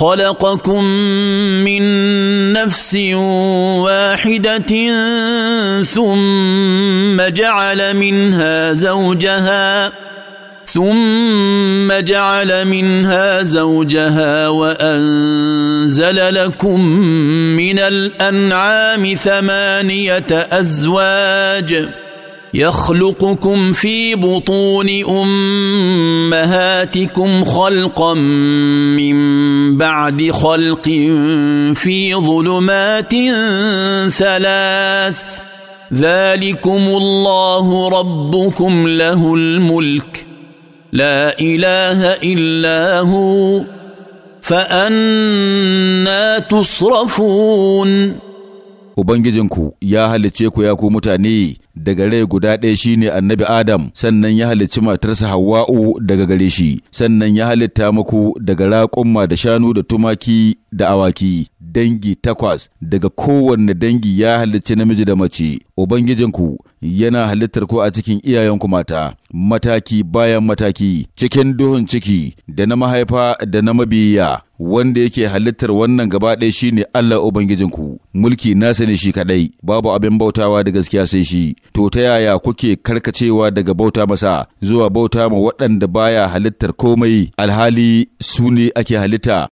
خلقكم من نفس واحده ثم جعل منها زوجها ثم جعل منها زوجها وانزل لكم من الانعام ثمانيه ازواج يخلقكم في بطون امهاتكم خلقا من بعد خلق في ظلمات ثلاث ذلكم الله ربكم له الملك لا اله الا هو فانا تصرفون Ubangijinku ya halicce ku ya ku mutane daga rai guda ɗaya shine annabi Adam, sannan ya halicci matarsa Hawwa'u daga gare shi, sannan ya halitta muku daga raƙumma da shanu da tumaki da awaki, dangi takwas daga kowanne dangi ya halicci namiji da mace, Ubangijinku yana halittar ku a cikin iyayenku mata, mataki bayan mataki, cikin duhun ciki, da na mahaifa da na mabiya, wanda yake halittar wannan gaba ɗaya shi ne Allah Ubangijinku, mulki nasa ne shi kaɗai, babu abin bautawa da gaskiya sai shi, to ta yaya kuke karkacewa daga bauta masa zuwa bauta ma waɗanda baya halittar komai alhali su ne ake halitta